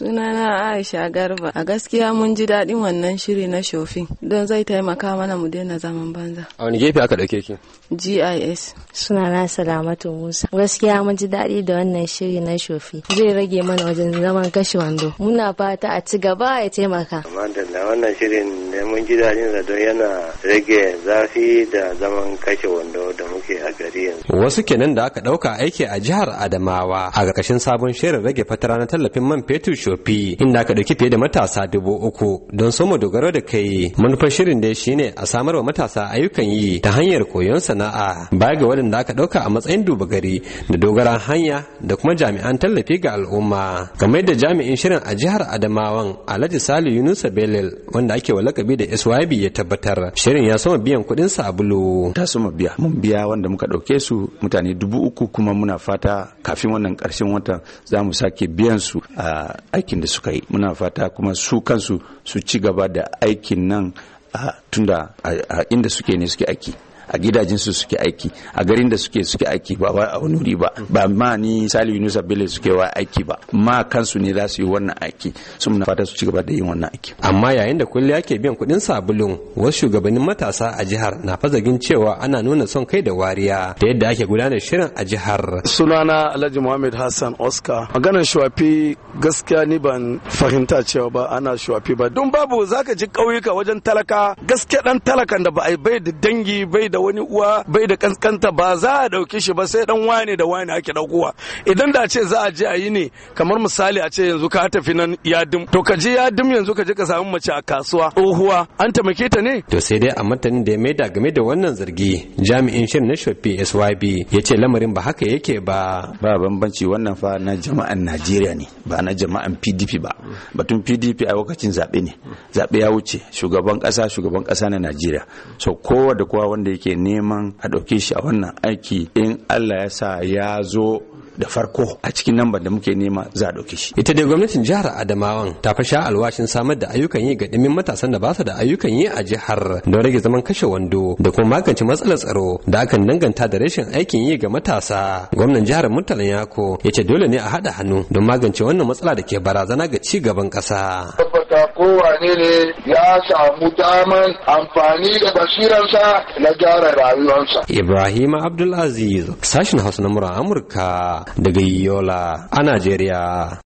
Sunana Aisha Garba. A gaskiya mun ji daɗin wannan shiri na shofin don zai taimaka mana mu daina zaman banza. A wani gefe aka ɗauke ki? GIS. Sunana Salamatu Musa. Gaskiya mun ji daɗi da wannan shiri na shofi. Zai rage mana wajen zaman kashe wando. Muna fata a ci gaba ya taimaka. Amma da wannan shirin mun neman da don yana rage zafi da zaman kashe wando da muke a gari yanzu. Wasu kenan da aka ɗauka aiki a jihar Adamawa a ƙarƙashin sabon shirin rage fatara na tallafin man fetur shofi inda aka dauki fiye da matasa dubu uku don soma dogaro da kai manufar shirin dai shine a samar wa matasa ayyukan yi ta hanyar koyon sana'a baya ga waɗanda aka ɗauka a matsayin duba gari da dogaran hanya da kuma jami'an tallafi ga al'umma game da jami'in shirin a jihar Adamawan Alhaji Sali Yunusa Belel wanda ake wa lakabi Gombe da SYB ya tabbatar shirin ya sama biyan kuɗin sabulu. Ta sama biya mun biya wanda muka ɗauke su mutane dubu uku kuma muna fata kafin wannan ƙarshen watan za mu sake biyan su a aikin da suka yi muna fata kuma su kansu su ci gaba da aikin nan tunda a inda suke ne suke aiki. a gidajen su suke aiki a garin da suke suke aiki ba a wani ba ba ma ni Sali Yunus Bello suke wa aiki ba ma kansu ne za su yi wannan aiki su na fata su ci gaba da yin wannan aiki amma yayin da kulli yake biyan kuɗin sabulun wasu shugabannin matasa a jihar na fazagin cewa ana nuna son kai da wariya da yadda ake gudanar shirin a jihar sunana Alhaji Muhammad Hassan Oscar maganar shuwafi gaskiya ni ban fahimta cewa ba ana shuwafi ba don babu zaka ji kauyuka wajen talaka gaskiya dan talakan da ba a bai da dangi bai da wani uwa bai da kankanta ba za a ɗauki shi ba sai dan wane da wane ake daukowa idan da ce za a je a yi ne kamar misali a ce yanzu ka tafi nan yadim to ka je yadim yanzu ka je ka samu mace a kasuwa tsohuwa an taimake ta ne to sai dai a martanin da ya maida game da wannan zargi jami'in shirin na shofi SYB ya ce lamarin ba haka yake ba ba bambanci wannan fa na jama'an Najeriya ne ba na jama'an PDP ba batun PDP a lokacin zaɓe ne zaɓe ya wuce shugaban ƙasa shugaban ƙasa na Najeriya so kowa da kowa wanda yake ake neman a ɗauke shi a wannan aiki in Allah ya sa ya zo da farko a cikin lambar da muke nema za a ɗauke shi. Ita dai gwamnatin jihar Adamawan ta fasha alwashin samar da ayyukan yi ga ɗimin matasan da ba su da ayyukan yi a jihar don rage zaman kashe wando da kuma magance matsalar tsaro da akan danganta da rashin aikin yi ga matasa. Gwamnan jihar Murtala Yako ya ce dole ne a haɗa hannu don magance wannan matsala da ke barazana ga ci gaban ƙasa. kowane ne ya samu daman amfani da basiransa na gyara rayuwarsa. Ibrahim Abdulaziz, sashin Hausa na Amurka daga Yola a Najeriya.